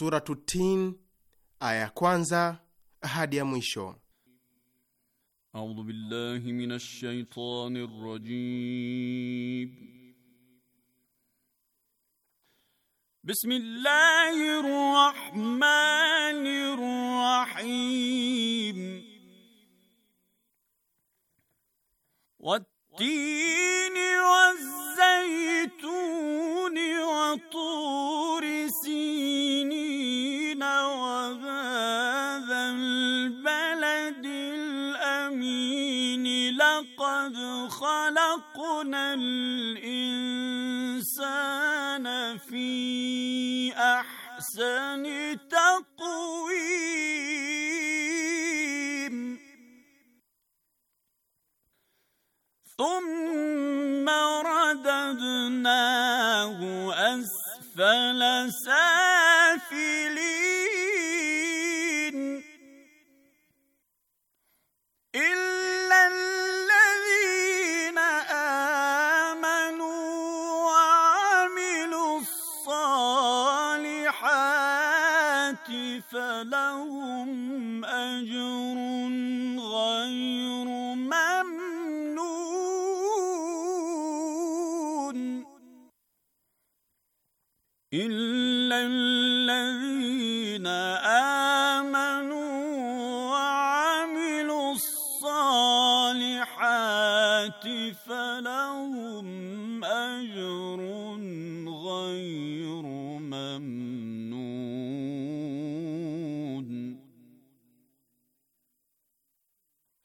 Suratu Tin, aya ya kwanza hadi ya mwisho. A'udhu billahi minash shaitani rrajim. Bismillahir rahmanir rahim. Wat-tini waz-zaytun الإنسان في أحسن تقويم ثم رددناه أسفل سبيل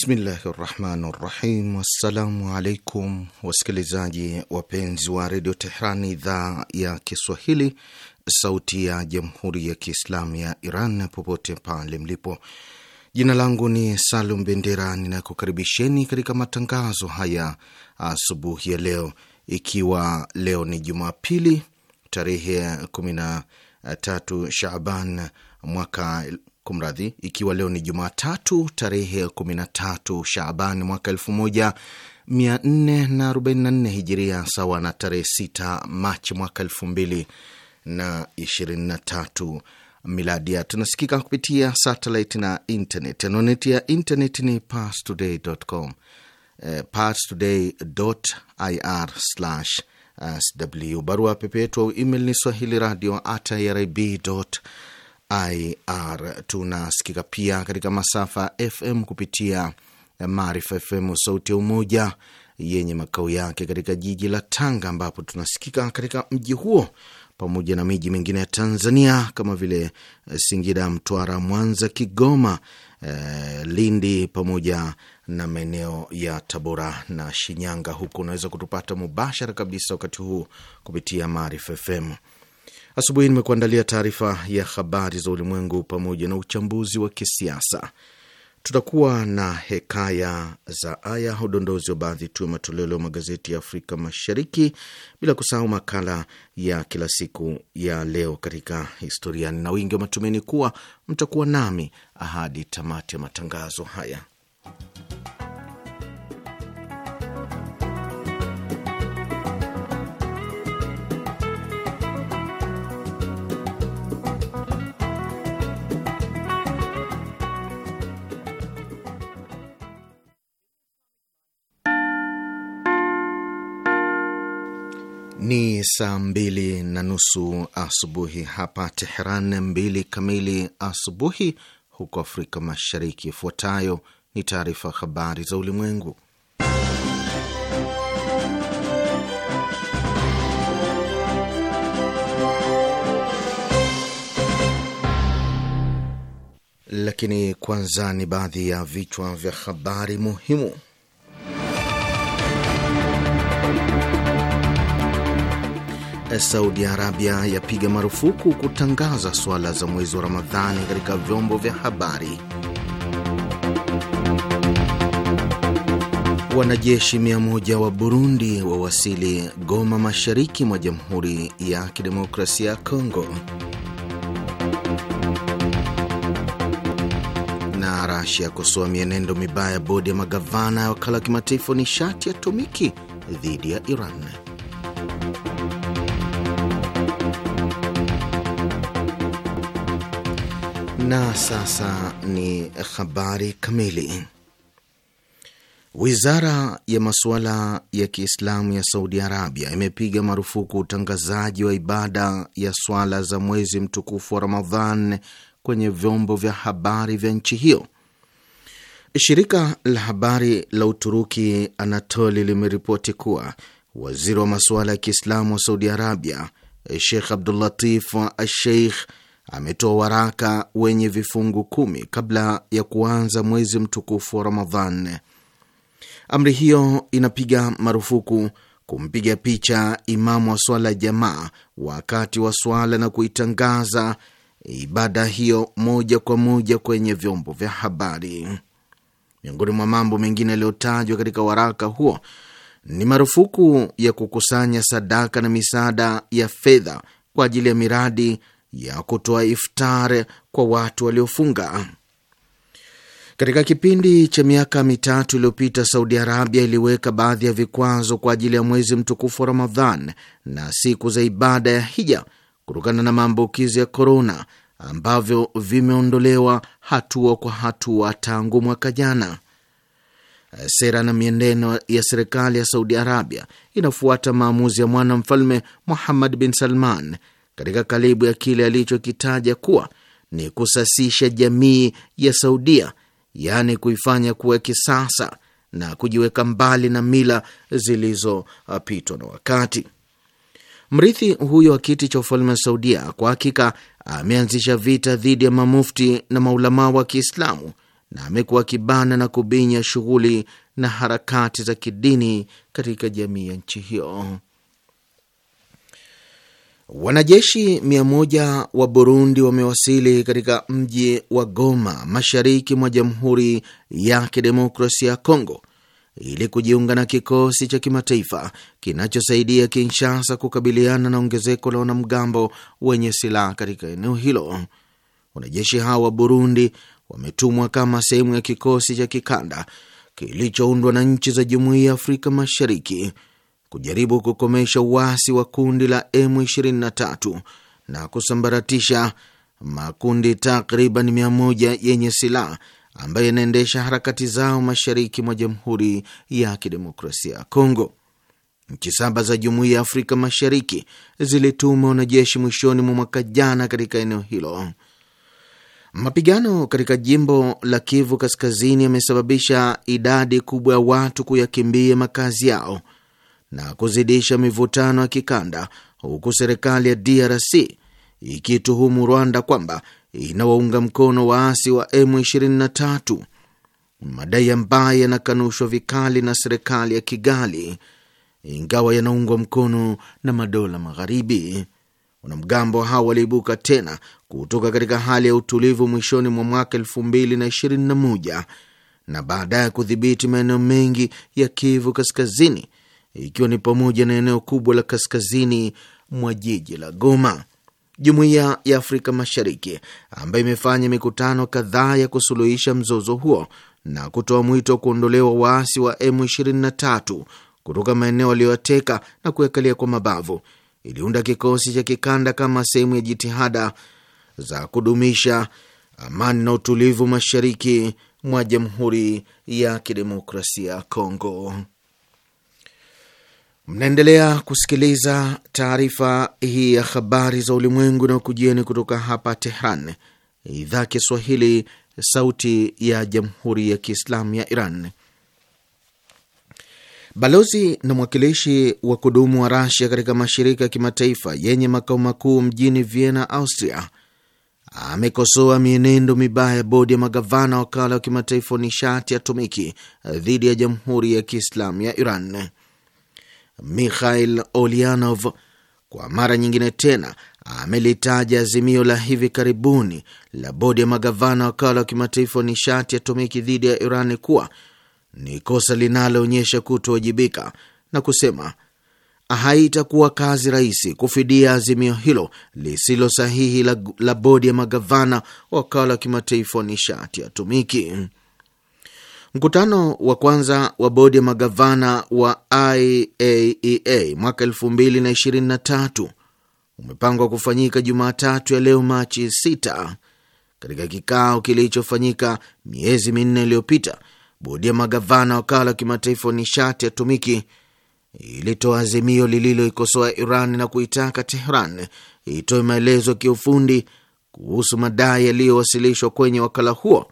Bismillahi rahmani rahim. Wassalamu alaikum wasikilizaji wapenzi wa redio Tehran, idhaa ya Kiswahili, sauti ya jamhuri ya kiislamu ya Iran, popote pale mlipo. Jina langu ni Salum Bendera, ninakukaribisheni katika matangazo haya asubuhi ya leo, ikiwa leo ni Jumapili tarehe 13 Shaban mwaka kumradhi, ikiwa leo ni Jumatatu tarehe 13 Shaaban mwaka 1444 hijiria sawa na tarehe 6 Machi mwaka 2023 miladia. Tunasikika kupitia satellite na internet. Anwani ya internet ni parstoday.com eh, parstoday.ir/sw. Barua pepe yetu au email ni swahili radio at irib IR. Tunasikika pia katika masafa FM kupitia Maarifa FM sauti ya Umoja yenye makao yake katika jiji la Tanga, ambapo tunasikika katika mji huo pamoja na miji mingine ya Tanzania kama vile eh, Singida, Mtwara, Mwanza, Kigoma, eh, Lindi pamoja na maeneo ya Tabora na Shinyanga. Huku unaweza kutupata mubashara kabisa wakati huu kupitia Maarifa FM. Asubuhi nimekuandalia taarifa ya habari za ulimwengu pamoja na uchambuzi wa kisiasa. Tutakuwa na hekaya za aya, udondozi wa baadhi tu ya matoleo leo magazeti ya Afrika Mashariki, bila kusahau makala ya kila siku ya leo katika historia, na wingi wa matumaini kuwa mtakuwa nami ahadi tamati ya matangazo haya. Ni saa mbili na nusu asubuhi hapa Teheran, mbili kamili asubuhi huko Afrika Mashariki. Ifuatayo ni taarifa habari za ulimwengu, lakini kwanza ni baadhi ya vichwa vya habari muhimu. Saudi Arabia yapiga marufuku kutangaza swala za mwezi wa Ramadhani katika vyombo vya habari. Wanajeshi mia moja wa Burundi wawasili Goma, mashariki mwa Jamhuri ya Kidemokrasia ya Kongo. Na Rasia yakosoa mienendo mibaya ya bodi ya magavana ya wakala wa kimataifa nishati ya atomiki dhidi ya Iran. Na sasa ni habari kamili. Wizara ya masuala ya Kiislamu ya Saudi Arabia imepiga marufuku utangazaji wa ibada ya swala za mwezi mtukufu wa Ramadhan kwenye vyombo vya habari vya nchi hiyo. Shirika la habari la Uturuki Anatoli limeripoti kuwa waziri wa masuala ya Kiislamu wa Saudi Arabia Sheikh Abdulatif Asheikh ametoa waraka wenye vifungu kumi kabla ya kuanza mwezi mtukufu wa Ramadhan. Amri hiyo inapiga marufuku kumpiga picha imamu wa swala ya jamaa wakati wa swala na kuitangaza ibada hiyo moja kwa moja kwenye vyombo vya habari. Miongoni mwa mambo mengine yaliyotajwa katika waraka huo ni marufuku ya kukusanya sadaka na misaada ya fedha kwa ajili ya miradi ya kutoa iftar kwa watu waliofunga. Katika kipindi cha miaka mitatu iliyopita, Saudi Arabia iliweka baadhi ya vikwazo kwa ajili ya mwezi mtukufu wa Ramadhan na siku za ibada ya hija kutokana na maambukizi ya korona ambavyo vimeondolewa hatua kwa hatua tangu mwaka jana. Sera na mienendo ya serikali ya Saudi Arabia inafuata maamuzi ya mfalme Muhammad bin Salman katika kalibu ya kile alichokitaja kuwa ni kusasisha jamii ya Saudia, yaani kuifanya kuwa kisasa na kujiweka mbali na mila zilizopitwa na wakati. Mrithi huyo wa kiti cha ufalme wa Saudia kwa hakika ameanzisha vita dhidi ya mamufti na maulamaa wa Kiislamu na amekuwa kibana na kubinya shughuli na harakati za kidini katika jamii ya nchi hiyo. Wanajeshi mia moja wa Burundi wamewasili katika mji wa Goma, mashariki mwa Jamhuri ya Kidemokrasia ya Kongo ili kujiunga na kikosi cha kimataifa kinachosaidia Kinshasa kukabiliana na ongezeko la wanamgambo wenye silaha katika eneo hilo. Wanajeshi hao wa Burundi wametumwa kama sehemu ya kikosi cha kikanda kilichoundwa na nchi za Jumuiya ya Afrika Mashariki kujaribu kukomesha uasi wa kundi la M23 na kusambaratisha makundi takriban 1 yenye silaha ambayo yanaendesha harakati zao mashariki mwa Jamhuri ya Kidemokrasia ya Kongo. Nchi saba za Jumuiya ya Afrika Mashariki zilituma wanajeshi mwishoni mwa mwaka jana katika eneo hilo. Mapigano katika jimbo la Kivu Kaskazini yamesababisha idadi kubwa ya watu kuyakimbia makazi yao na kuzidisha mivutano ya kikanda, huku serikali ya DRC ikituhumu Rwanda kwamba inawaunga mkono waasi wa M23, madai ambayo yanakanushwa vikali na serikali ya Kigali, ingawa yanaungwa mkono na madola magharibi. Wanamgambo hao waliibuka tena kutoka katika hali ya utulivu mwishoni mwa mwaka elfu mbili na ishirini na moja na baadaye kudhibiti maeneo mengi ya Kivu Kaskazini ikiwa ni pamoja na eneo kubwa la kaskazini mwa jiji la Goma. Jumuiya ya Afrika Mashariki ambayo imefanya mikutano kadhaa ya kusuluhisha mzozo huo na kutoa mwito wa kuondolewa waasi wa M23 kutoka maeneo aliyoateka na kuekalia kwa mabavu, iliunda kikosi cha kikanda kama sehemu ya jitihada za kudumisha amani na utulivu mashariki mwa Jamhuri ya Kidemokrasia ya Kongo. Mnaendelea kusikiliza taarifa hii ya habari za ulimwengu na kujieni kutoka hapa Tehran, idhaa Kiswahili, sauti ya jamhuri ya kiislamu ya Iran. Balozi na mwakilishi wa kudumu wa Rasia katika mashirika ya kimataifa yenye makao makuu mjini Vienna, Austria, amekosoa mienendo mibaya ya bodi ya magavana wakala wa kimataifa wa nishati atomiki dhidi ya jamhuri ya kiislamu ya Iran. Mikhail Olianov kwa mara nyingine tena amelitaja azimio la hivi karibuni la bodi ya magavana wakala wa kimataifa wa nishati atomiki dhidi ya Irani kuwa ni kosa linaloonyesha kutowajibika na kusema haitakuwa kazi rahisi kufidia azimio hilo lisilo sahihi la, la bodi ya magavana wakala wa kimataifa wa nishati atomiki. Mkutano wa kwanza wa bodi ya magavana wa IAEA e mwaka 2023 umepangwa kufanyika Jumatatu ya leo Machi 6. Katika kikao kilichofanyika miezi minne iliyopita, bodi ya magavana wakala wa kimataifa wa nishati ya tumiki ilitoa azimio lililoikosoa Iran na kuitaka Tehran itoe maelezo ya kiufundi kuhusu madai yaliyowasilishwa kwenye wakala huo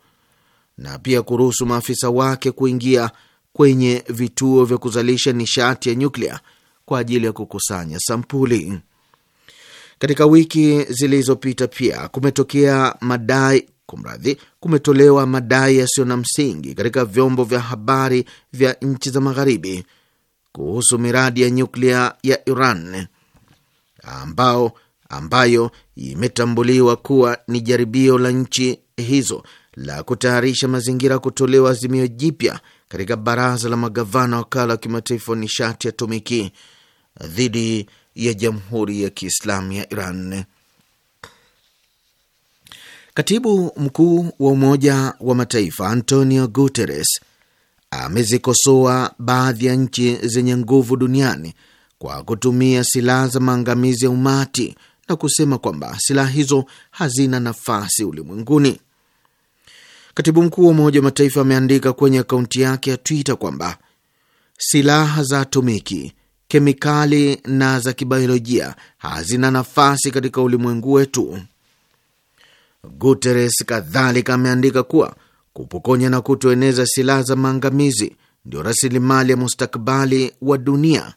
na pia kuruhusu maafisa wake kuingia kwenye vituo vya kuzalisha nishati ya nyuklia kwa ajili ya kukusanya sampuli. Katika wiki zilizopita pia kumetokea madai kumradhi, kumetolewa madai yasiyo na msingi katika vyombo vya habari vya nchi za Magharibi kuhusu miradi ya nyuklia ya Iran ambao ambayo imetambuliwa kuwa ni jaribio la nchi hizo la kutayarisha mazingira kutolewa azimio jipya katika baraza la magavana wakala wa kimataifa wa nishati atomiki dhidi ya jamhuri ya Kiislamu ya Iran. Katibu mkuu wa Umoja wa Mataifa Antonio Guterres amezikosoa baadhi ya nchi zenye nguvu duniani kwa kutumia silaha za maangamizi ya umati na kusema kwamba silaha hizo hazina nafasi ulimwenguni. Katibu mkuu wa Umoja wa Mataifa ameandika kwenye akaunti yake ya Twitter kwamba silaha za atomiki, kemikali na za kibiolojia hazina nafasi katika ulimwengu wetu. Guterres kadhalika ameandika kuwa kupokonya na kutoeneza silaha za maangamizi ndio rasilimali ya mustakabali wa dunia.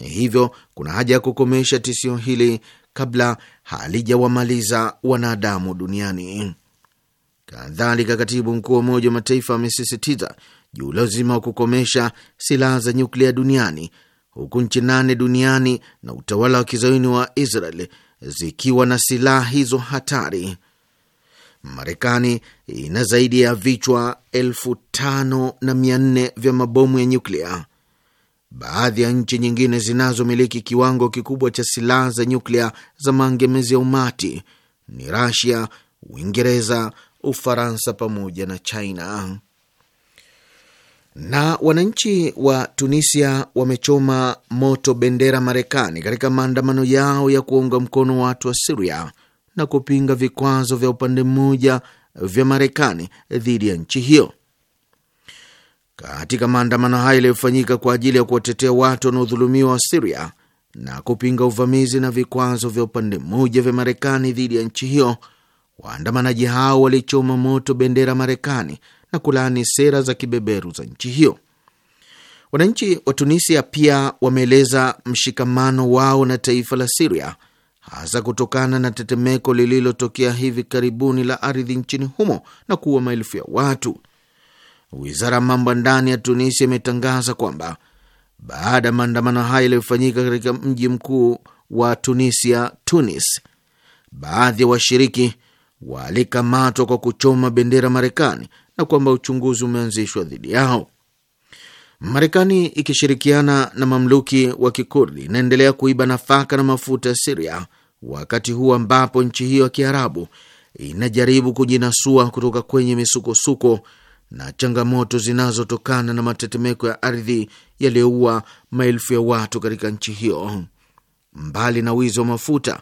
Hivyo kuna haja ya kukomesha tishio hili kabla halijawamaliza wanadamu duniani. Kadhalika, katibu mkuu wa Umoja wa Mataifa amesisitiza juu lazima wa kukomesha silaha za nyuklia duniani huku nchi nane duniani na utawala wa kizayuni wa Israel zikiwa na silaha hizo hatari. Marekani ina zaidi ya vichwa elfu tano na mia nne vya mabomu ya nyuklia. Baadhi ya nchi nyingine zinazomiliki kiwango kikubwa cha silaha za nyuklia za maangamizi ya umati ni Rasia, Uingereza, Ufaransa pamoja na China. Na wananchi wa Tunisia wamechoma moto bendera Marekani katika maandamano yao ya kuunga mkono watu wa Siria na kupinga vikwazo vya upande mmoja vya Marekani dhidi ya nchi hiyo. Katika maandamano hayo yaliyofanyika kwa ajili ya kuwatetea watu wanaodhulumiwa wa Siria na kupinga uvamizi na vikwazo vya upande mmoja vya Marekani dhidi ya nchi hiyo, Waandamanaji hao walichoma moto bendera Marekani na kulaani sera za kibeberu za nchi hiyo. Wananchi wa Tunisia pia wameeleza mshikamano wao na taifa la Siria, hasa kutokana na tetemeko lililotokea hivi karibuni la ardhi nchini humo na kuua maelfu ya watu. Wizara ya mambo ya ndani ya Tunisia imetangaza kwamba baada ya maandamano hayo yaliyofanyika katika mji mkuu wa Tunisia, Tunis, baadhi ya washiriki walikamatwa kwa kuchoma bendera Marekani na kwamba uchunguzi umeanzishwa dhidi yao. Marekani ikishirikiana na mamluki wa Kikurdi inaendelea kuiba nafaka na mafuta ya Siria wakati huu ambapo nchi hiyo ya Kiarabu inajaribu kujinasua kutoka kwenye misukosuko na changamoto zinazotokana na matetemeko ya ardhi yaliyoua maelfu ya watu katika nchi hiyo. Mbali na wizi wa mafuta,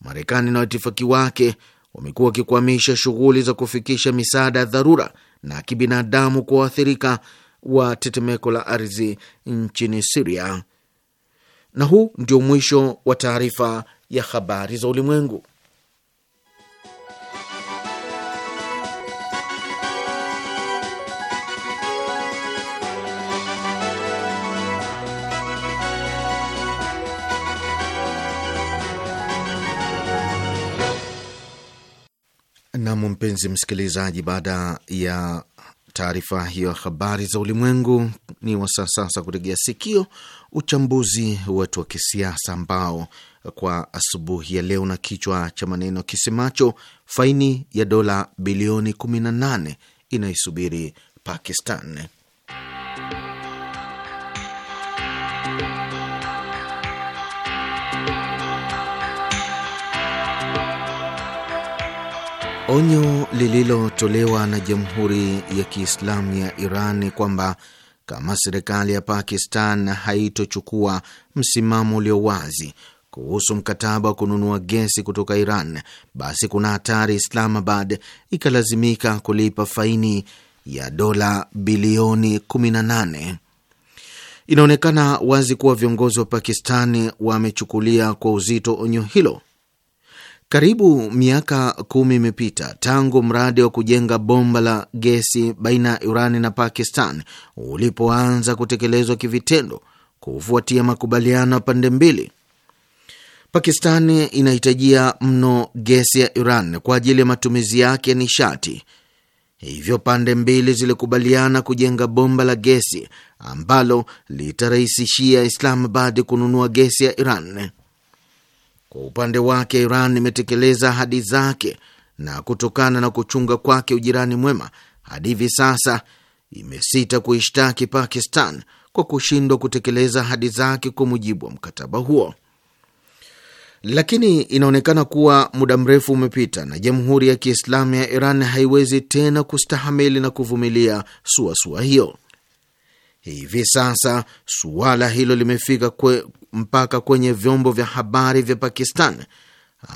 Marekani na watifaki wake wamekuwa wakikwamisha shughuli za kufikisha misaada ya dharura na kibinadamu kwa waathirika wa tetemeko la ardhi nchini Siria. Na huu ndio mwisho wa taarifa ya habari za ulimwengu. Nam, mpenzi msikilizaji, baada ya taarifa hiyo habari za ulimwengu, ni wasaa sasa kutegea sikio uchambuzi wetu wa kisiasa ambao kwa asubuhi ya leo na kichwa cha maneno kisemacho faini ya dola bilioni 18 inayosubiri Pakistan. Onyo lililotolewa na Jamhuri ya Kiislamu ya Iran kwamba kama serikali ya Pakistan haitochukua msimamo ulio wazi kuhusu mkataba wa kununua gesi kutoka Iran, basi kuna hatari Islamabad ikalazimika kulipa faini ya dola bilioni 18. Inaonekana wazi kuwa viongozi wa Pakistani wamechukulia kwa uzito onyo hilo karibu miaka kumi imepita tangu mradi wa kujenga bomba la gesi baina ya iran na Pakistan ulipoanza kutekelezwa kivitendo kufuatia makubaliano ya pande mbili. Pakistani inahitajia mno gesi ya Iran kwa ajili ya matumizi yake ya nishati. Hivyo pande mbili zilikubaliana kujenga bomba la gesi ambalo litarahisishia Islamabad kununua gesi ya Iran. Kwa upande wake, Iran imetekeleza ahadi zake na kutokana na kuchunga kwake ujirani mwema, hadi hivi sasa imesita kuishtaki Pakistan kwa kushindwa kutekeleza ahadi zake kwa mujibu wa mkataba huo. Lakini inaonekana kuwa muda mrefu umepita na Jamhuri ya Kiislamu ya Iran haiwezi tena kustahamili na kuvumilia suasua hiyo. Hivi sasa suala hilo limefika kwe, mpaka kwenye vyombo vya habari vya Pakistan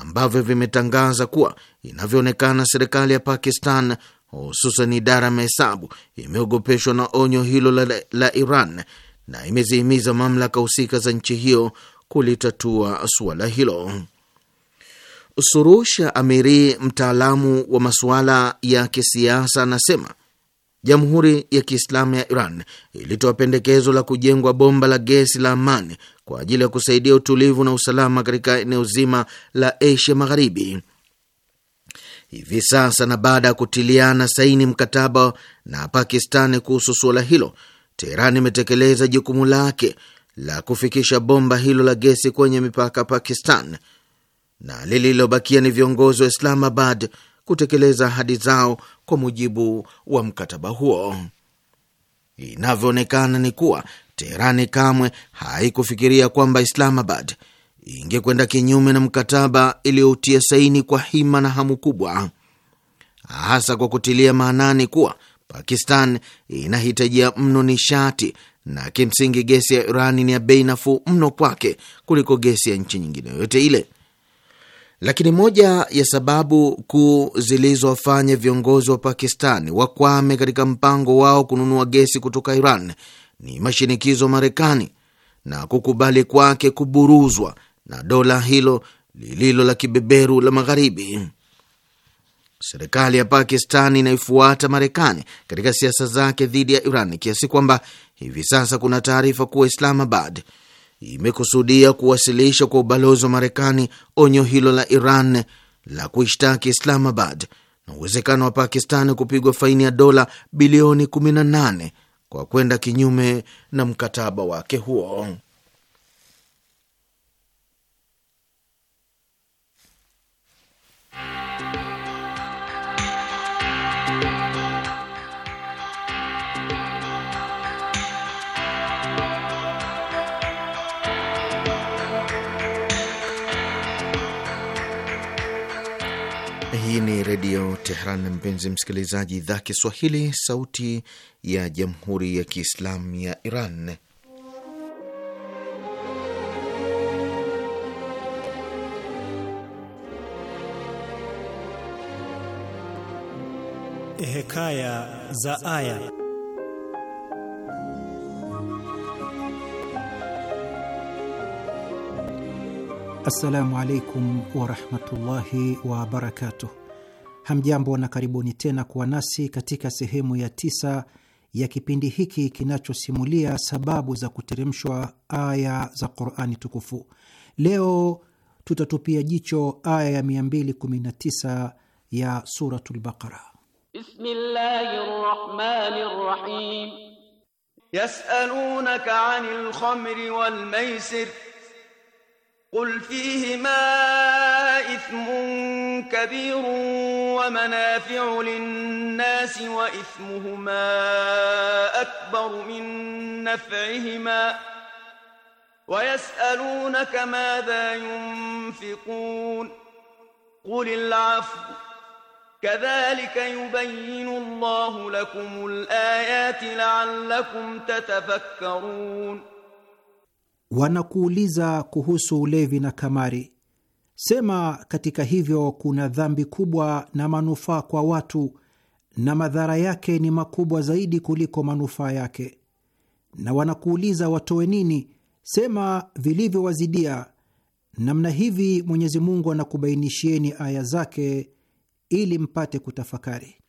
ambavyo vimetangaza kuwa inavyoonekana serikali ya Pakistan hususan idara ya mahesabu imeogopeshwa na onyo hilo la, la Iran na imezihimiza mamlaka husika za nchi hiyo kulitatua suala hilo. Surusha Amiri, mtaalamu wa masuala ya kisiasa, anasema Jamhuri ya Kiislamu ya Iran ilitoa pendekezo la kujengwa bomba la gesi la amani kwa ajili ya kusaidia utulivu na usalama katika eneo zima la Asia Magharibi. Hivi sasa na baada ya kutiliana saini mkataba na Pakistani kuhusu suala hilo, teheran imetekeleza jukumu lake la kufikisha bomba hilo la gesi kwenye mipaka Pakistan, na lililobakia ni viongozi wa Islamabad kutekeleza ahadi zao kwa mujibu wa mkataba huo. Inavyoonekana ni kuwa Teherani kamwe haikufikiria kwamba Islamabad ingekwenda kinyume na mkataba iliyoutia saini kwa hima na hamu kubwa, hasa kwa kutilia maanani kuwa Pakistan inahitajia mno nishati na kimsingi gesi ya Irani ni ya bei nafuu mno kwake kuliko gesi ya nchi nyingine yoyote ile. Lakini moja ya sababu kuu zilizowafanya viongozi wa Pakistani wakwame katika mpango wao kununua gesi kutoka Iran ni mashinikizo Marekani na kukubali kwake kuburuzwa na dola hilo lililo la kibeberu la Magharibi. Serikali ya Pakistani inaifuata Marekani katika siasa zake dhidi ya Iran kiasi kwamba hivi sasa kuna taarifa kuwa Islamabad imekusudia kuwasilisha kwa ubalozi wa Marekani onyo hilo la Iran la kuishtaki Islamabad na uwezekano wa Pakistani kupigwa faini ya dola bilioni 18 kwa kwenda kinyume na mkataba wake huo. Hii ni Redio Tehran, mpenzi msikilizaji, idhaa Kiswahili, sauti ya Jamhuri ya Kiislamu ya Iran. Hekaya za Aya. Assalamu alaikum warahmatullahi wabarakatuh. Hamjambo na karibuni tena kuwa nasi katika sehemu ya tisa ya kipindi hiki kinachosimulia sababu za kuteremshwa aya za Qurani Tukufu. Leo tutatupia jicho aya ya 219 ya Suratul Baqara. Bismillahir Rahmanir Rahim. Yasalunaka anil khamri wal maisir قل فيهما إثم كبير ومنافع للناس وإثمهما أكبر من نفعهما ويسألونك ماذا ينفقون قل العفو كذلك يبين الله لكم الآيات لعلكم تتفكرون wanakuuliza kuhusu ulevi na kamari. Sema, katika hivyo kuna dhambi kubwa na manufaa kwa watu, na madhara yake ni makubwa zaidi kuliko manufaa yake. Na wanakuuliza watoe nini? Sema, vilivyowazidia. Namna hivi Mwenyezi Mungu anakubainishieni aya zake ili mpate kutafakari.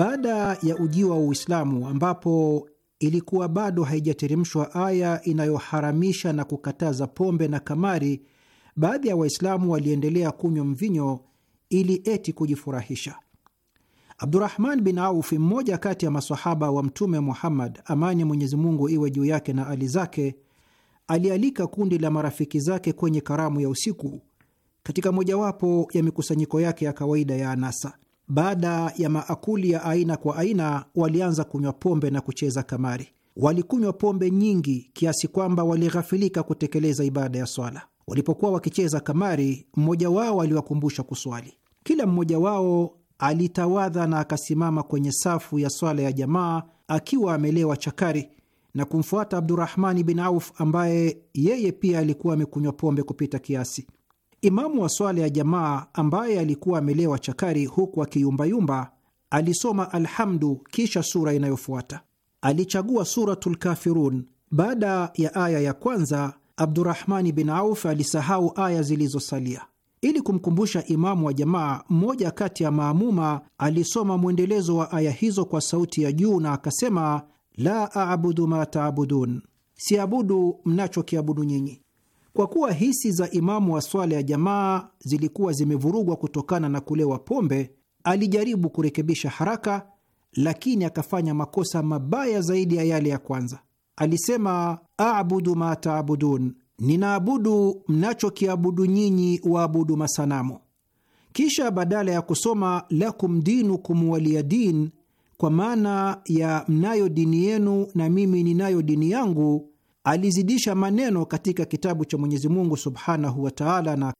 Baada ya ujio wa Uislamu, ambapo ilikuwa bado haijateremshwa aya inayoharamisha na kukataza pombe na kamari, baadhi ya Waislamu waliendelea kunywa mvinyo ili eti kujifurahisha. Abdurahman bin aufi mmoja kati ya masahaba wa Mtume Muhammad, amani mwenyezimungu Mwenyezi Mungu iwe juu yake na ali zake, alialika kundi la marafiki zake kwenye karamu ya usiku katika mojawapo ya mikusanyiko yake ya kawaida ya anasa baada ya maakuli ya aina kwa aina, walianza kunywa pombe na kucheza kamari. Walikunywa pombe nyingi kiasi kwamba walighafilika kutekeleza ibada ya swala. Walipokuwa wakicheza kamari, mmoja wao aliwakumbusha kuswali. Kila mmoja wao alitawadha na akasimama kwenye safu ya swala ya jamaa akiwa amelewa chakari na kumfuata Abdurahmani bin Auf ambaye yeye pia alikuwa amekunywa pombe kupita kiasi. Imamu wa swala ya jamaa ambaye alikuwa amelewa chakari huku akiyumbayumba alisoma Alhamdu kisha sura inayofuata. Alichagua Suratul Kafirun baada ya aya ya kwanza. Abdurahmani bin Auf alisahau aya zilizosalia. Ili kumkumbusha imamu wa jamaa, mmoja kati ya maamuma alisoma mwendelezo wa aya hizo kwa sauti ya juu na akasema, la abudu ma taabudun, siabudu mnachokiabudu nyinyi kwa kuwa hisi za imamu wa swala ya jamaa zilikuwa zimevurugwa kutokana na kulewa pombe, alijaribu kurekebisha haraka, lakini akafanya makosa mabaya zaidi ya yale ya kwanza. Alisema, abudu ma taabudun, ninaabudu mnachokiabudu nyinyi waabudu masanamu. Kisha badala ya kusoma lakum dinukum waliya din, kwa maana ya mnayo dini yenu na mimi ninayo dini yangu alizidisha maneno katika kitabu cha Mwenyezi Mungu subhanahu wa taala, na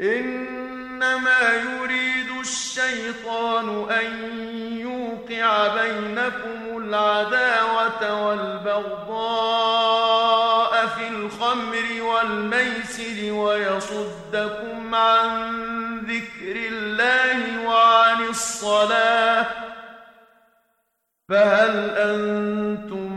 إنما يريد الشيطان أن يوقع بينكم العداوة والبغضاء في الخمر والميسر ويصدكم عن ذكر الله وعن الصلاة فهل أنتم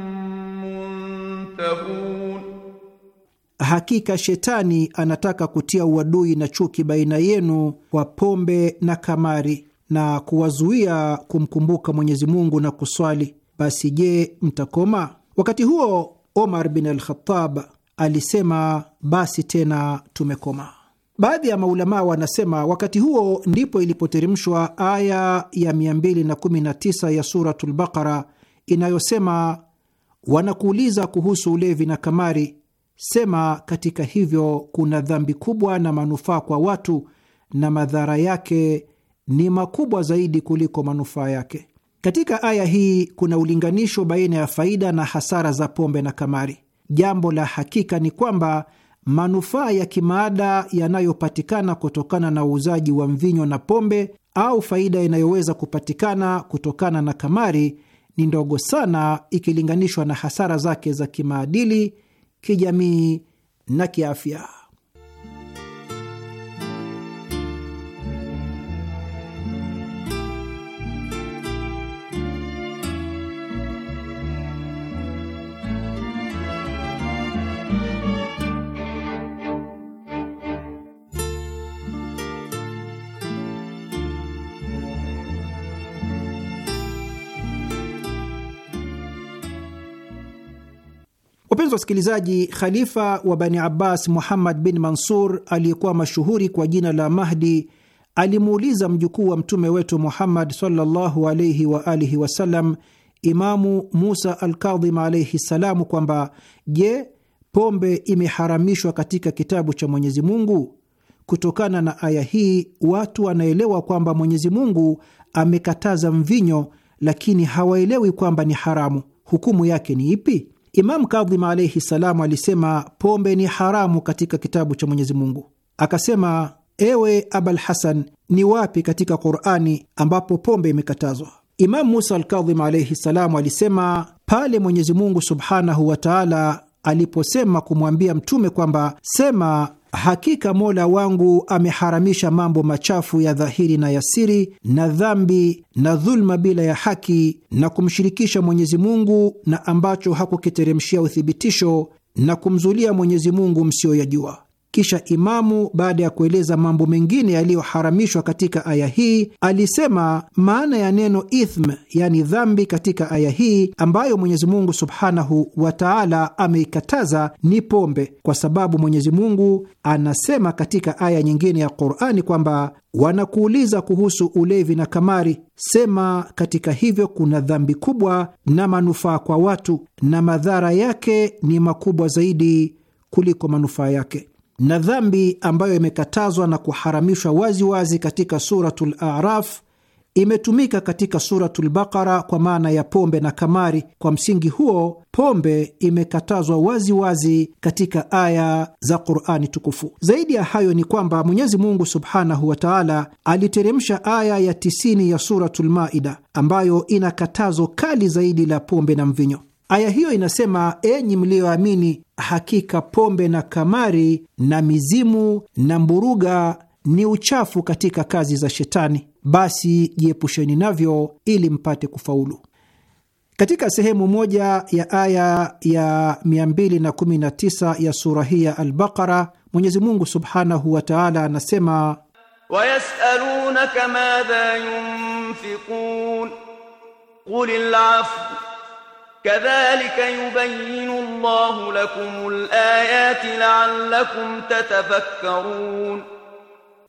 Hakika Shetani anataka kutia uadui na chuki baina yenu kwa pombe na kamari na kuwazuia kumkumbuka Mwenyezi Mungu na kuswali. Basi je, mtakoma? Wakati huo Omar bin al alisema, basi tena tumekoma. Baadhi ya maulamaa wanasema wakati huo ndipo ilipoteremshwa aya ya 219 ya Suratul Baqara inayosema, wanakuuliza kuhusu ulevi na kamari Sema katika hivyo kuna dhambi kubwa na manufaa kwa watu, na madhara yake ni makubwa zaidi kuliko manufaa yake. Katika aya hii kuna ulinganisho baina ya faida na hasara za pombe na kamari. Jambo la hakika ni kwamba manufaa ya kimaada yanayopatikana kutokana na uuzaji wa mvinyo na pombe au faida inayoweza kupatikana kutokana na kamari ni ndogo sana ikilinganishwa na hasara zake za kimaadili kijamii na kiafya. Wapenzi wasikilizaji, khalifa wa Bani Abbas Muhammad bin Mansur aliyekuwa mashuhuri kwa jina la Mahdi alimuuliza mjukuu wa mtume wetu Muhammad sallallahu alaihi wa alihi wasallam, Imamu Musa Alkadhim alaihi ssalamu, kwamba je, pombe imeharamishwa katika kitabu cha Mwenyezi Mungu? Kutokana na aya hii watu wanaelewa kwamba Mwenyezi Mungu amekataza mvinyo, lakini hawaelewi kwamba ni haramu. Hukumu yake ni ipi? Imamu Kadhim alaihi salamu alisema pombe ni haramu katika kitabu cha Mwenyezi Mungu. Akasema, ewe Abal Hasan, ni wapi katika Qurani ambapo pombe imekatazwa? Imamu Musa Alkadhim alaihi salamu alisema pale Mwenyezi Mungu subhanahu wa taala aliposema kumwambia Mtume kwamba sema Hakika Mola wangu ameharamisha mambo machafu ya dhahiri na yasiri na dhambi na dhulma bila ya haki na kumshirikisha Mwenyezi Mungu na ambacho hakukiteremshia uthibitisho na kumzulia Mwenyezi Mungu msiyoyajua. Kisha Imamu, baada ya kueleza mambo mengine yaliyoharamishwa katika aya hii, alisema maana ya neno ithm, yani dhambi, katika aya hii ambayo Mwenyezi Mungu subhanahu wa taala ameikataza ni pombe, kwa sababu Mwenyezi Mungu anasema katika aya nyingine ya Qurani kwamba wanakuuliza kuhusu ulevi na kamari, sema katika hivyo kuna dhambi kubwa na manufaa kwa watu, na madhara yake ni makubwa zaidi kuliko manufaa yake na dhambi ambayo imekatazwa na kuharamishwa waziwazi katika Suratul Araf imetumika katika Suratul Baqara kwa maana ya pombe na kamari. Kwa msingi huo, pombe imekatazwa waziwazi wazi katika aya za Qurani tukufu. Zaidi ya hayo ni kwamba Mwenyezi Mungu subhanahu wa taala aliteremsha aya ya 9 ya Suratul Maida ambayo ina katazo kali zaidi la pombe na mvinyo. Aya hiyo inasema: enyi mliyoamini, hakika pombe na kamari na mizimu na mburuga ni uchafu katika kazi za Shetani, basi jiepusheni navyo ili mpate kufaulu. Katika sehemu moja ya aya ya 219 ya sura hii ya Albaqara, Mwenyezi Mungu subhanahu wa taala anasema wayasalunaka madha yunfiqun qul afwa Kadhalika yubayinu Allahu lakumul ayati la'allakum tatafakkarun,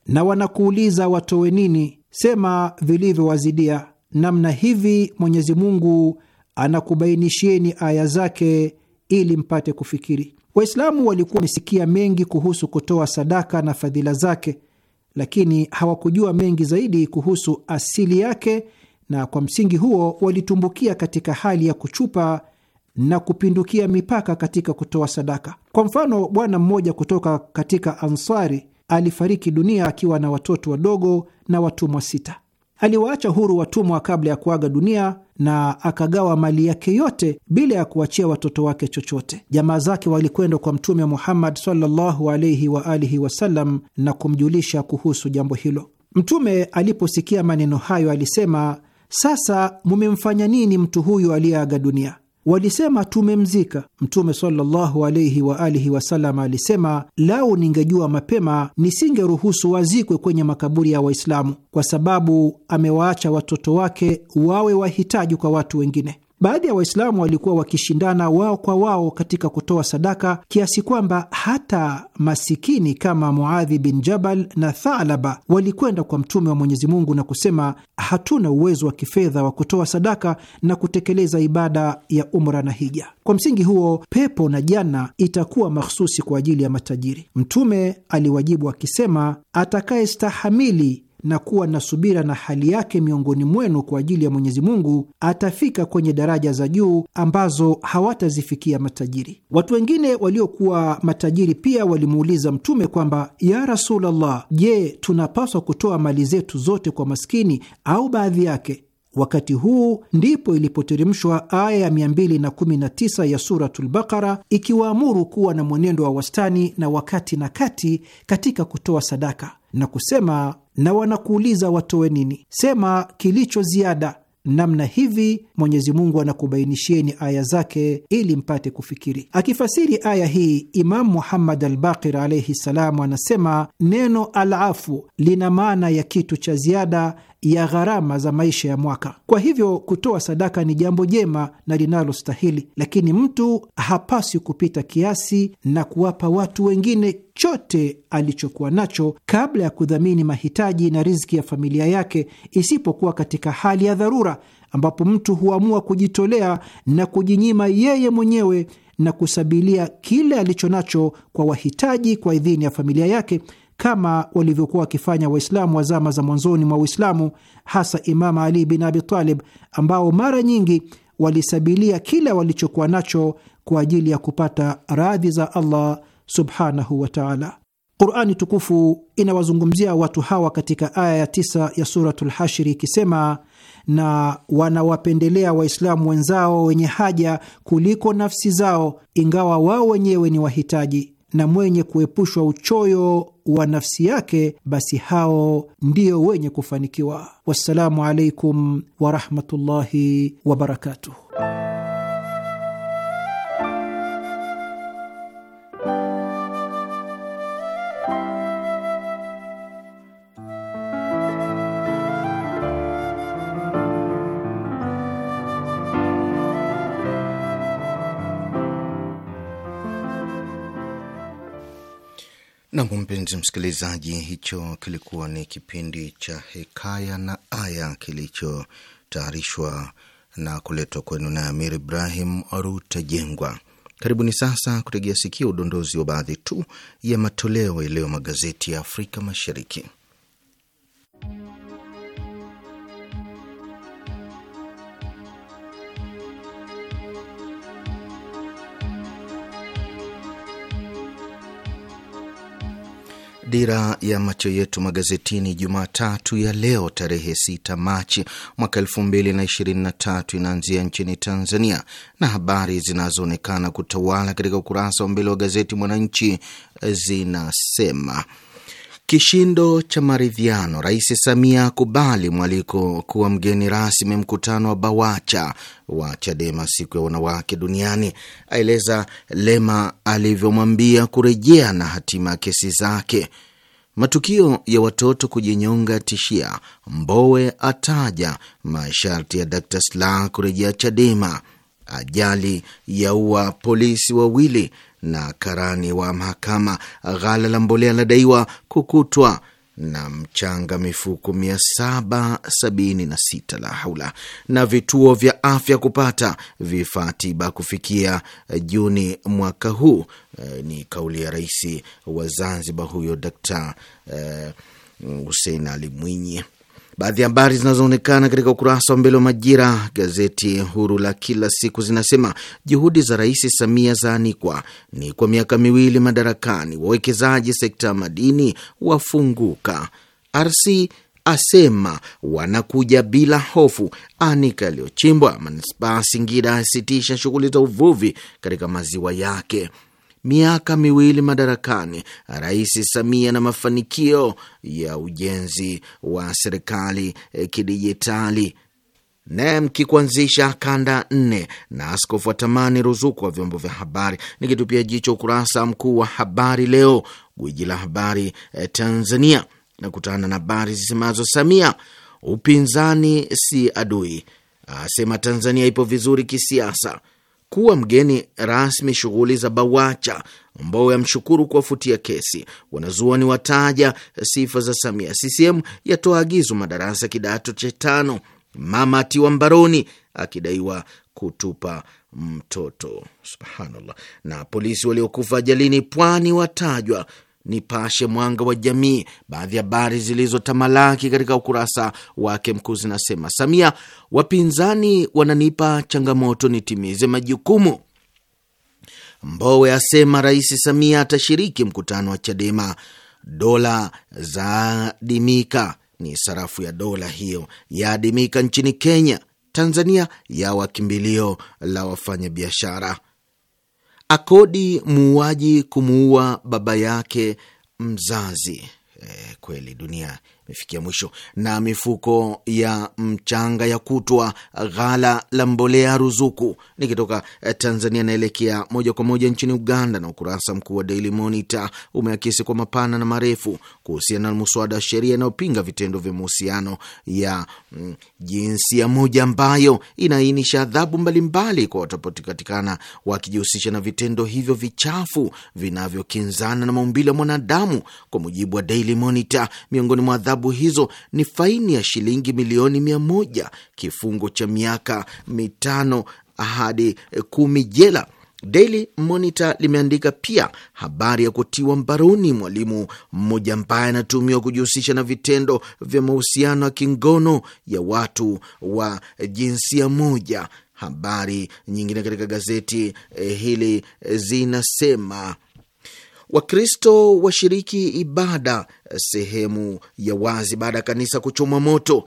na wanakuuliza watowe nini? Sema vilivyowazidia. Namna hivi Mwenyezi Mungu anakubainishieni aya zake ili mpate kufikiri. Waislamu walikuwa wamesikia mengi kuhusu kutoa sadaka na fadhila zake, lakini hawakujua mengi zaidi kuhusu asili yake na kwa msingi huo walitumbukia katika hali ya kuchupa na kupindukia mipaka katika kutoa sadaka. Kwa mfano, bwana mmoja kutoka katika Ansari alifariki dunia akiwa na watoto wadogo na watumwa sita. Aliwaacha huru watumwa kabla ya kuaga dunia na akagawa mali yake yote bila ya kuachia watoto wake chochote. Jamaa zake walikwenda kwa Mtume Muhammad sallallahu alaihi wa alihi wasallam na kumjulisha kuhusu jambo hilo. Mtume aliposikia maneno hayo alisema sasa mumemfanya nini mtu huyu aliyeaga dunia? Walisema tumemzika. Mtume sallallahu alaihi wa alihi wasallam alisema, lau ningejua mapema nisingeruhusu wazikwe kwenye makaburi ya Waislamu, kwa sababu amewaacha watoto wake wawe wahitaji kwa watu wengine. Baadhi ya Waislamu walikuwa wakishindana wao kwa wao katika kutoa sadaka kiasi kwamba hata masikini kama Muadhi bin Jabal na Thalaba walikwenda kwa Mtume wa Mwenyezi Mungu na kusema, hatuna uwezo wa kifedha wa kutoa sadaka na kutekeleza ibada ya umra na hija. Kwa msingi huo, pepo na jana itakuwa mahsusi kwa ajili ya matajiri. Mtume aliwajibu akisema, atakayestahamili na kuwa na subira na hali yake miongoni mwenu kwa ajili ya Mwenyezi Mungu, atafika kwenye daraja za juu ambazo hawatazifikia matajiri. Watu wengine waliokuwa matajiri pia walimuuliza Mtume kwamba, ya Rasulallah, je, tunapaswa kutoa mali zetu zote kwa maskini au baadhi yake? Wakati huu ndipo ilipoteremshwa aya ya 219 ya Suratul ikiwaamuru kuwa na mwenendo wa wastani na wakati na kati katika kutoa sadaka na kusema na wanakuuliza watoe nini? Sema kilicho ziada. Namna hivi Mwenyezi Mungu anakubainishieni aya zake ili mpate kufikiri. Akifasiri aya hii, Imamu Muhammad Albaqir alaihi salamu anasema neno alafu lina maana ya kitu cha ziada ya gharama za maisha ya mwaka. Kwa hivyo kutoa sadaka ni jambo jema na linalostahili, lakini mtu hapaswi kupita kiasi na kuwapa watu wengine chote alichokuwa nacho kabla ya kudhamini mahitaji na riziki ya familia yake, isipokuwa katika hali ya dharura ambapo mtu huamua kujitolea na kujinyima yeye mwenyewe na kusabilia kile alicho nacho kwa wahitaji kwa idhini ya familia yake kama walivyokuwa wakifanya Waislamu wa zama za mwanzoni mwa Uislamu, hasa Imam Ali bin Abi Talib, ambao mara nyingi walisabilia kila walichokuwa nacho kwa ajili ya kupata radhi za Allah subhanahu wataala. Qurani tukufu inawazungumzia watu hawa katika aya ya tisa ya Suratul Hashri ikisema, na wanawapendelea Waislamu wenzao wenye haja kuliko nafsi zao, ingawa wao wenyewe ni wahitaji na mwenye kuepushwa uchoyo wa nafsi yake, basi hao ndio wenye kufanikiwa. Wassalamu alaikum warahmatullahi wabarakatuh. Mpenzi msikilizaji, hicho kilikuwa ni kipindi cha Hekaya na Aya kilichotayarishwa na kuletwa kwenu na Amir Ibrahim Rutajengwa. Karibuni sasa kutegea sikio udondozi wa baadhi tu ya matoleo ya leo magazeti ya Afrika Mashariki. Dira ya macho yetu magazetini Jumatatu ya leo tarehe 6 Machi mwaka 2023 inaanzia nchini Tanzania, na habari zinazoonekana kutawala katika ukurasa wa mbele wa gazeti Mwananchi eh, zinasema kishindo cha maridhiano, Rais Samia kubali mwaliko kuwa mgeni rasmi mkutano wa BAWACHA wa CHADEMA siku ya wanawake duniani, aeleza Lema alivyomwambia kurejea na hatima ya kesi zake. Matukio ya watoto kujinyonga tishia, Mbowe ataja masharti ya Dkt. Slaa kurejea CHADEMA. Ajali ya ua polisi wawili na karani wa mahakama, ghala la mbolea ladaiwa kukutwa na mchanga mifuko mia saba sabini na sita la haula, na vituo vya afya kupata vifaa tiba kufikia Juni mwaka huu. E, ni kauli ya rais wa Zanzibar huyo Dkt. E, Hussein Ali Mwinyi. Baadhi ya habari zinazoonekana katika ukurasa wa mbele wa Majira, gazeti huru la kila siku, zinasema juhudi za Rais Samia zaanikwa, ni kwa miaka miwili madarakani, wawekezaji sekta ya madini wafunguka, RC asema wanakuja bila hofu, anika yaliyochimbwa, manispaa Singida asitisha shughuli za uvuvi katika maziwa yake miaka miwili madarakani, Rais Samia na mafanikio ya ujenzi wa serikali eh, kidijitali nemki kuanzisha kanda nne na askofu atamani ruzuku wa vyombo vya habari. Nikitupia jicho ukurasa mkuu wa habari leo, gwiji la habari eh, Tanzania, na kutana na habari zisemazo Samia upinzani si adui, asema Tanzania ipo vizuri kisiasa kuwa mgeni rasmi shughuli za BAWACHA ambao yamshukuru kuwafutia kesi. Wanazuoni wataja sifa za Samia. CCM yatoa agizo madarasa kidato cha tano. Mama atiwa mbaroni akidaiwa kutupa mtoto. Subhanallah. Na polisi waliokufa ajalini Pwani watajwa. Nipashe Mwanga wa Jamii, baadhi ya habari zilizotamalaki katika ukurasa wake mkuu zinasema: Samia, wapinzani wananipa changamoto nitimize majukumu. Mbowe asema Rais Samia atashiriki mkutano wa Chadema. Dola zaadimika, ni sarafu ya dola hiyo yaadimika nchini Kenya. Tanzania ya wakimbilio la wafanyabiashara akodi muuaji kumuua baba yake mzazi. E, kweli dunia imefikia mwisho, na mifuko ya mchanga ya kutwa, ghala la mbolea, ruzuku. Nikitoka eh, Tanzania naelekea moja kwa moja nchini Uganda, na ukurasa mkuu wa Daily Monitor umeakisi kwa mapana na marefu kuhusiana na muswada wa sheria inayopinga vitendo vya mahusiano ya mm, jinsia moja ambayo inaainisha adhabu mbalimbali kwa watakapopatikana wakijihusisha na vitendo hivyo vichafu vinavyokinzana na maumbile ya mwanadamu. Kwa mujibu wa Daily Monitor, miongoni mwa adhabu hizo ni faini ya shilingi milioni mia moja, kifungo cha miaka mitano hadi kumi jela. Daily Monitor limeandika pia habari ya kutiwa mbaroni mwalimu mmoja ambaye anatumiwa kujihusisha na vitendo vya mahusiano ya kingono ya watu wa jinsia moja. Habari nyingine katika gazeti eh, hili eh, zinasema Wakristo washiriki ibada eh, sehemu ya wazi baada ya kanisa kuchomwa moto.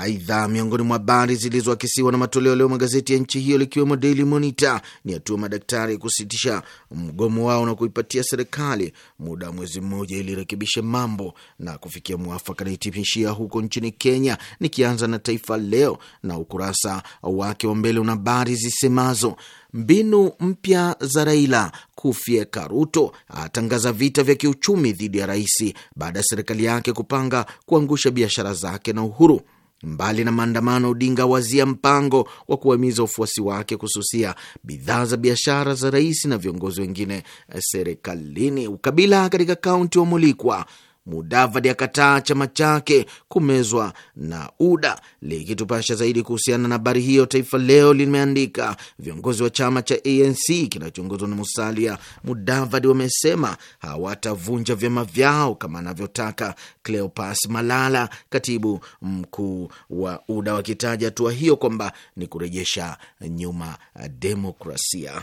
Aidha, miongoni mwa habari zilizoakisiwa na matoleo leo magazeti ya nchi hiyo likiwemo Daily Monitor ni hatua madaktari kusitisha mgomo wao na kuipatia serikali muda wa mwezi mmoja ili irekebishe mambo na kufikia mwafaka. Naitimishia huko nchini Kenya, nikianza na Taifa Leo na ukurasa wake wa mbele una habari zisemazo mbinu mpya za Raila kufyeka Ruto, atangaza vita vya kiuchumi dhidi ya rais baada ya serikali yake kupanga kuangusha biashara zake na Uhuru. Mbali na maandamano, Odinga wazia mpango wa kuhimiza wafuasi wake kususia bidhaa za biashara za rais na viongozi wengine serikalini. Ukabila katika kaunti wa Mulikwa Mudavadi akataa chama chake kumezwa na UDA. Likitupasha zaidi kuhusiana na habari hiyo, Taifa Leo limeandika viongozi wa chama cha ANC kinachoongozwa na Musalia Mudavadi wamesema hawatavunja vyama vyao kama anavyotaka Cleopas Malala, katibu mkuu wa UDA, wakitaja hatua hiyo kwamba ni kurejesha nyuma demokrasia.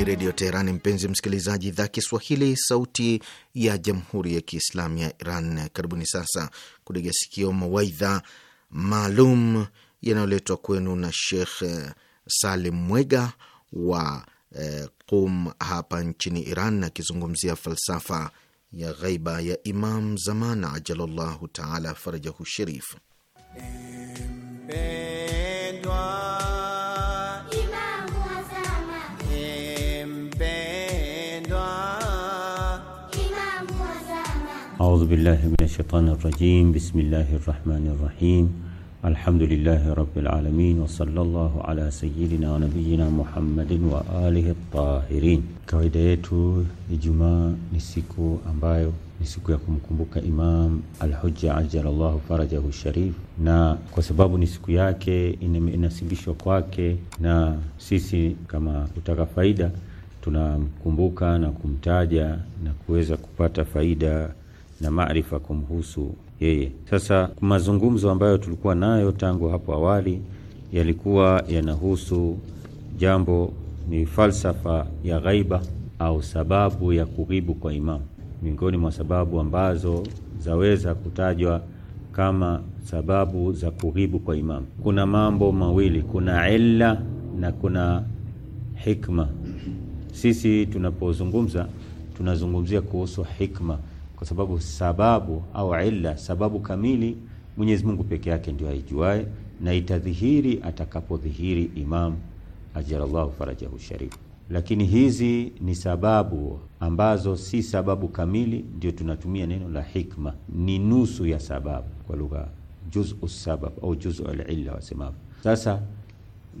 ni Redio Teheran, mpenzi msikilizaji, idhaa Kiswahili, sauti ya jamhuri ya kiislamu ya Iran. Karibuni sasa kudiga sikio mawaidha maalum yanayoletwa kwenu na Shekh eh, Salim Mwega wa eh, Qum hapa nchini Iran, akizungumzia falsafa ya ghaiba ya Imam Zamana ajalallahu taala farajahu sharif. أعوذ بالله من الشيطان الرجيم بسم الله الرحمن الرحيم الحمد لله رب العالمين وصلى الله على سيدنا ونبينا محمد وآله الطاهرين tahirin. Kawaida yetu Ijumaa ni siku ambayo ni siku ya kumkumbuka Imam Al-Hujja ajalallahu farajahu sharif, na kwa sababu ni siku yake كما kwake, na sisi kama kutaka faida tunamkumbuka na kumtaja na kuweza kupata faida na maarifa kumhusu yeye. Sasa mazungumzo ambayo tulikuwa nayo tangu hapo awali yalikuwa yanahusu jambo, ni falsafa ya ghaiba au sababu ya kughibu kwa imamu, miongoni mwa sababu ambazo zaweza kutajwa kama sababu za kughibu kwa imamu. Kuna mambo mawili, kuna illa na kuna hikma. Sisi tunapozungumza tunazungumzia kuhusu hikma kwa sababu sababu au illa, sababu kamili Mwenyezi Mungu peke yake ndio aijuae, na itadhihiri atakapodhihiri Imam ajalallahu farajahu sharif. Lakini hizi ni sababu ambazo si sababu kamili, ndio tunatumia neno la hikma, ni nusu ya sababu kwa lugha juzu sabab au juzu alilla wasemavyo. Sasa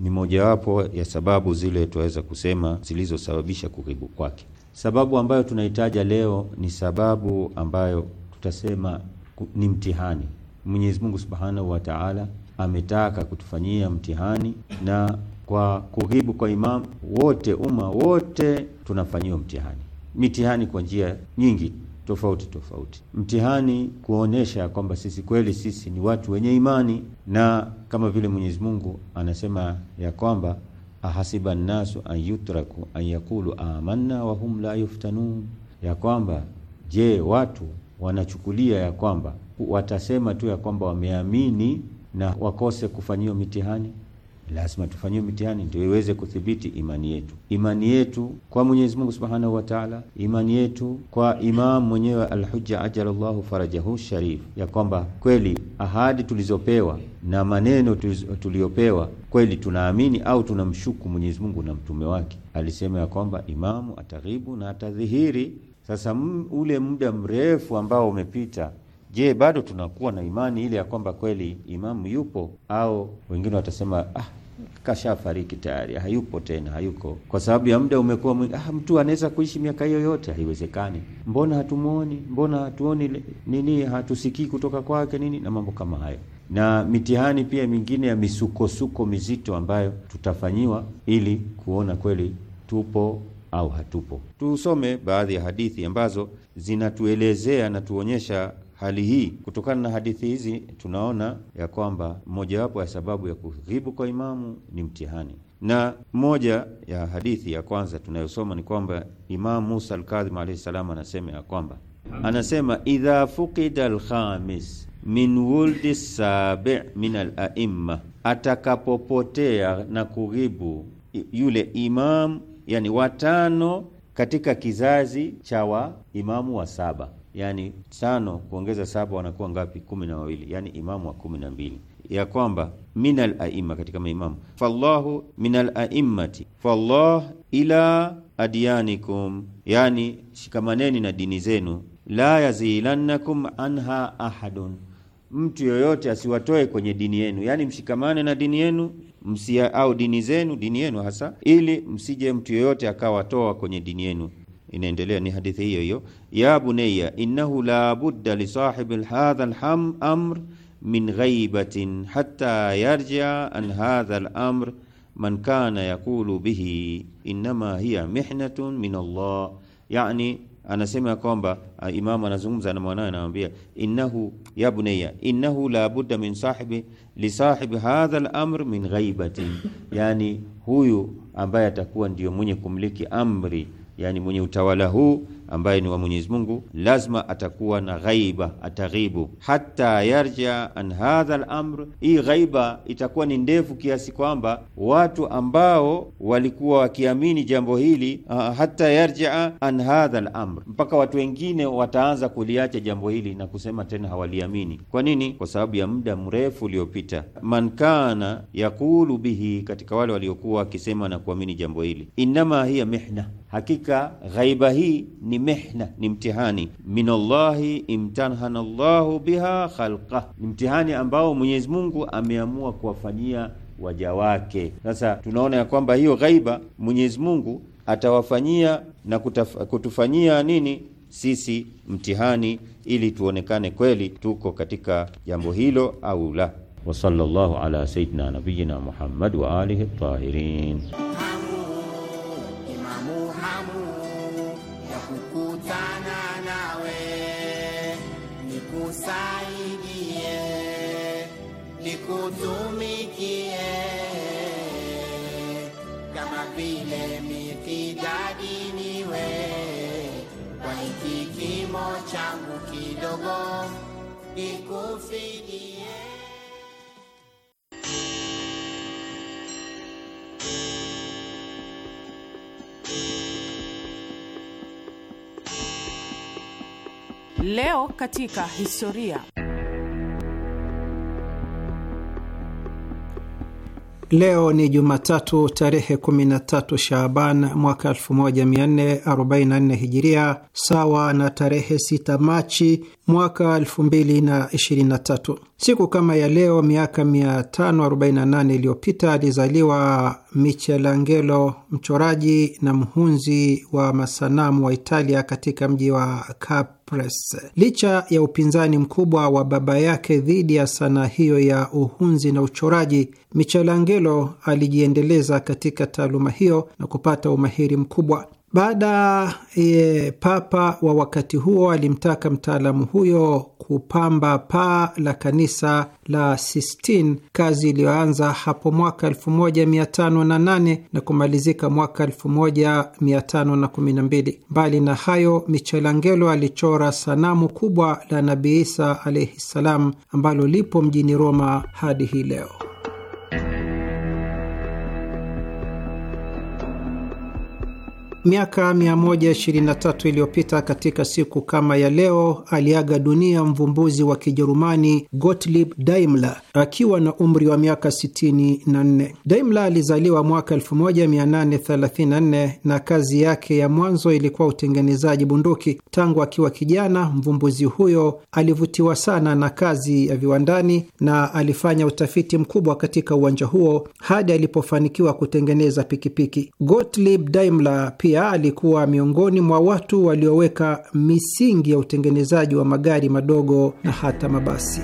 ni mojawapo ya sababu zile tuweza kusema zilizosababisha kughaibu kwake. Sababu ambayo tunaitaja leo ni sababu ambayo tutasema ni mtihani. Mwenyezi Mungu Subhanahu wa Ta'ala ametaka kutufanyia mtihani, na kwa kughibu kwa imamu wote, umma wote tunafanyiwa mtihani, mitihani kwa njia nyingi tofauti tofauti. Mtihani kuonesha kwamba sisi kweli sisi ni watu wenye imani, na kama vile Mwenyezi Mungu anasema ya kwamba ahasiba nnasu an yutraku an yakulu amanna wa hum la yuftanun, ya kwamba je, watu wanachukulia ya kwamba watasema tu ya kwamba wameamini na wakose kufanyiwa mitihani lazima tufanyiwe mitihani ndio iweze kuthibiti imani yetu, imani yetu kwa Mwenyezi Mungu Subhanahu wa Ta'ala, imani yetu kwa imamu mwenyewe al ajalallahu farajahu sharif, ya kwamba kweli ahadi tulizopewa na maneno tuliyopewa kweli tunaamini au tunamshuku Mwenyezi Mungu na mtume wake. Alisema ya kwamba imamu ataghibu na atadhihiri. Sasa ule muda mrefu ambao umepita Je, bado tunakuwa na imani ile ya kwamba kweli imamu yupo, au wengine watasema ah, kashafariki tayari, hayupo tena, hayuko kwa sababu ya muda umekuwa mwingi. Ah, mtu anaweza kuishi miaka hiyo yote? Haiwezekani. Mbona hatumuoni? Mbona hatuoni nini? Hatusikii kutoka kwake nini, na mambo kama hayo, na mitihani pia mingine ya misukosuko mizito ambayo tutafanyiwa ili kuona kweli tupo au hatupo. Tusome baadhi ya hadithi ambazo zinatuelezea na tuonyesha hali hii. Kutokana na hadithi hizi, tunaona ya kwamba mojawapo ya sababu ya kughibu kwa imamu ni mtihani, na moja ya hadithi ya kwanza tunayosoma ni kwamba Imamu Musa Alkadhim alaihi salam anasema ya kwamba anasema idha fuqida alkhamis min wuldi sabi min alaimma, atakapopotea na kughibu yule imam, yani watano katika kizazi cha waimamu wa saba yani tano kuongeza saba wanakuwa ngapi? kumi na wawili, yani imamu wa kumi na mbili ya kwamba minal aima katika maimamu, fallahu minal aimati, fallah ila adyanikum, yani shikamaneni na dini zenu, la yazilannakum anha ahadun, mtu yoyote asiwatoe kwenye dini yenu, yani mshikamane na dini yenu msia, au dini zenu, dini yenu hasa, ili msije mtu yoyote akawatoa kwenye dini yenu inaendelea ni hadithi hiyo hiyo, ya bunayya innahu la budda li sahibi hadha alham amr min ghaibatin hatta yarjia an hadha alamr man kana yaqulu bihi innama hiya mihnatun min Allah. Yani anasema kwamba imamu anazungumza na mwanawe, anamwambia innahu ya bunayya innahu la budda min sahibi li sahibi hadha alamr min ghaibatin, yani huyu ambaye atakuwa ndio mwenye kumiliki amri yani mwenye utawala huu ambaye ni wa Mwenyezi Mungu lazima atakuwa na ghaiba, ataghibu hata yarja an hadha al-amr. Hii ghaiba itakuwa ni ndefu kiasi kwamba watu ambao walikuwa wakiamini jambo hili uh, ah, hata yarja an hadha al-amr, mpaka watu wengine wataanza kuliacha jambo hili na kusema tena hawaliamini. Kwa nini? Kwa sababu ya muda mrefu uliopita. Man kana yaqulu bihi, katika wale waliokuwa wakisema na kuamini jambo hili, innama hiya mihna Hakika ghaiba hii ni mehna, ni mtihani. Minallahi imtahana llahu biha khalqa, ni mtihani ambao Mwenyezi Mungu ameamua kuwafanyia waja wake. Sasa tunaona ya kwamba hiyo ghaiba Mwenyezi Mungu atawafanyia na kutaf, kutufanyia nini sisi mtihani, ili tuonekane kweli tuko katika jambo hilo au la. Wa sallallahu ala sayyidina nabiyina Muhammad wa alihi tahirin hamu ya kukutana nawe, nikusaidie, nikutumikie kama vile Mikidadi niwe kwa hiki kimo changu kidogo, nikufidie Leo katika historia. Leo ni Jumatatu tarehe 13 Shaaban mwaka 1444 Hijiria, sawa na tarehe 6 Machi mwaka 2023. Siku kama ya leo miaka 548 iliyopita alizaliwa Michelangelo, mchoraji na mhunzi wa masanamu wa Italia, katika mji wa Kap Press. Licha ya upinzani mkubwa wa baba yake dhidi ya sanaa hiyo ya uhunzi na uchoraji, Michelangelo alijiendeleza katika taaluma hiyo na kupata umahiri mkubwa. Baada ya papa wa wakati huo alimtaka mtaalamu huyo kupamba paa la kanisa la Sistine, kazi iliyoanza hapo mwaka 1508 na kumalizika mwaka 1512. Mbali na hayo, Michelangelo alichora sanamu kubwa la Nabii Isa alaihi ssalam ambalo lipo mjini Roma hadi hii leo. Miaka 123 iliyopita katika siku kama ya leo aliaga dunia mvumbuzi wa Kijerumani Gottlieb Daimler akiwa na umri wa miaka 64. Daimler alizaliwa mwaka 1834 na kazi yake ya mwanzo ilikuwa utengenezaji bunduki. Tangu akiwa kijana, mvumbuzi huyo alivutiwa sana na kazi ya viwandani na alifanya utafiti mkubwa katika uwanja huo hadi alipofanikiwa kutengeneza pikipiki. Gottlieb Daimler pia alikuwa miongoni mwa watu walioweka misingi ya utengenezaji wa magari madogo na hata mabasi.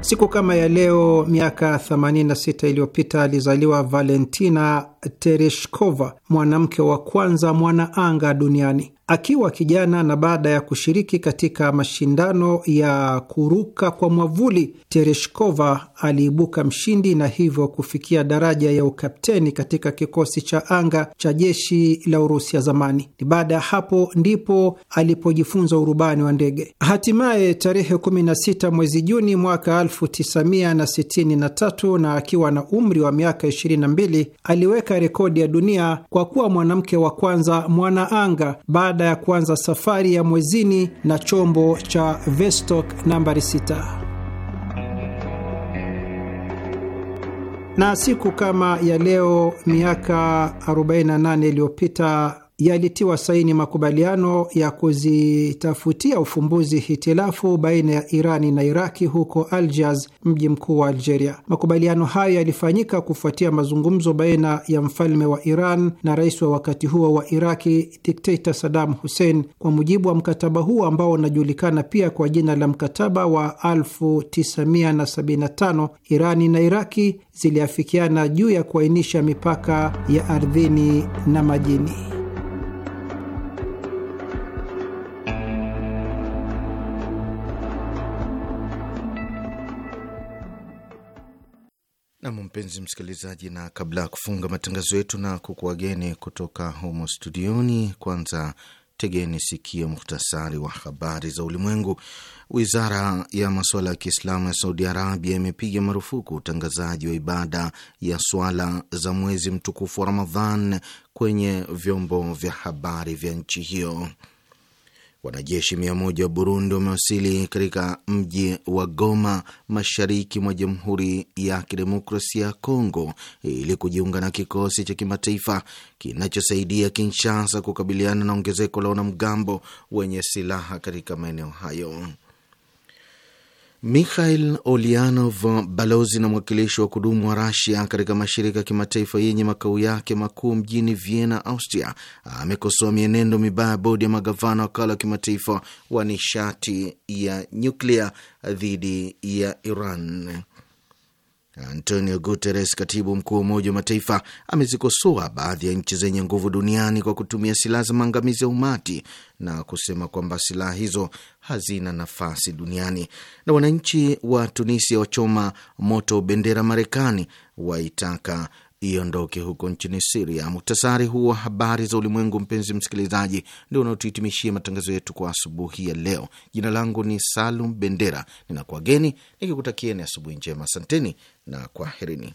Siku kama ya leo miaka 86 iliyopita alizaliwa Valentina Tereshkova, mwanamke wa kwanza mwanaanga duniani. Akiwa kijana na baada ya kushiriki katika mashindano ya kuruka kwa mwavuli, Tereshkova aliibuka mshindi na hivyo kufikia daraja ya ukapteni katika kikosi cha anga cha jeshi la Urusi ya zamani. Ni baada ya hapo ndipo alipojifunza urubani wa ndege. Hatimaye tarehe 16 mwezi Juni mwaka 1963 na akiwa na umri wa miaka 22 aliweka kuweka rekodi ya dunia kwa kuwa mwanamke wa kwanza mwanaanga baada ya kuanza safari ya mwezini na chombo cha Vostok nambari 6. Na siku kama ya leo miaka 48 iliyopita yalitiwa saini makubaliano ya kuzitafutia ufumbuzi hitilafu baina ya Irani na Iraki huko Algiers, mji mkuu wa Algeria. Makubaliano hayo yalifanyika kufuatia mazungumzo baina ya mfalme wa Iran na rais wa wakati huo wa Iraki, dikteta Saddam Hussein. Kwa mujibu wa mkataba huo ambao unajulikana pia kwa jina la mkataba wa 1975, Irani na Iraki ziliafikiana juu ya kuainisha mipaka ya ardhini na majini. Nam, mpenzi msikilizaji, na kabla ya kufunga matangazo yetu na kukuageni kutoka humo studioni, kwanza tegeni sikia muhtasari wa habari za ulimwengu. Wizara ya masuala ya Kiislamu ya Saudi Arabia imepiga marufuku utangazaji wa ibada ya swala za mwezi mtukufu wa Ramadhan kwenye vyombo vya habari vya nchi hiyo. Wanajeshi mia moja wa Burundi wamewasili katika mji wa Goma, mashariki mwa Jamhuri ya Kidemokrasia ya Kongo ili kujiunga na kikosi cha kimataifa kinachosaidia Kinshasa kukabiliana na ongezeko la wanamgambo wenye silaha katika maeneo hayo. Mikhail Olianov, balozi na mwakilishi wa kudumu wa Rasia katika mashirika ya kimataifa yenye makao yake makuu mjini Vienna, Austria, amekosoa mienendo mibaya ya bodi ya magavana wakala wa kimataifa wa nishati ya nyuklia dhidi ya Iran. Antonio Guterres, katibu mkuu wa Umoja wa Mataifa, amezikosoa baadhi ya nchi zenye nguvu duniani kwa kutumia silaha za maangamizi ya umati na kusema kwamba silaha hizo hazina nafasi duniani. Na wananchi wa Tunisia wachoma moto bendera Marekani waitaka iondoke huko nchini Siria. Muktasari huu wa habari za ulimwengu, mpenzi msikilizaji, ndio unaotuhitimishia matangazo yetu kwa asubuhi ya leo. Jina langu ni Salum Bendera, ninakuwageni nikikutakieni asubuhi njema. Asanteni na kwaherini.